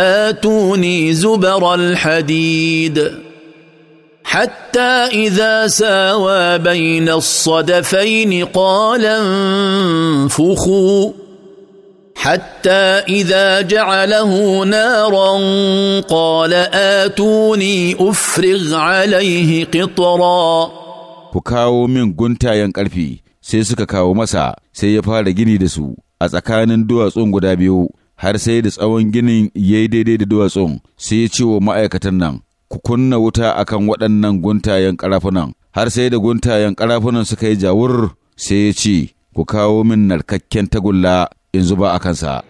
آتوني زبر الحديد حتى إذا ساوى بين الصدفين قال انفخوا حتى إذا جعله نارا قال آتوني أفرغ عليه قطرا فكاو من قنتا ينقل فيه سيسك كاو مسا سيفار جني دسو أتكان دوا سنقو har sai da tsawon ginin ya yi daidai da duwatsun sai ya ce wa ma'aikatan nan ku kunna wuta a kan waɗannan guntayen ƙarafunan har sai da guntayen ƙarafunan suka yi jawur sai ya ce ku kawo min narkakken tagulla in zuba a kansa.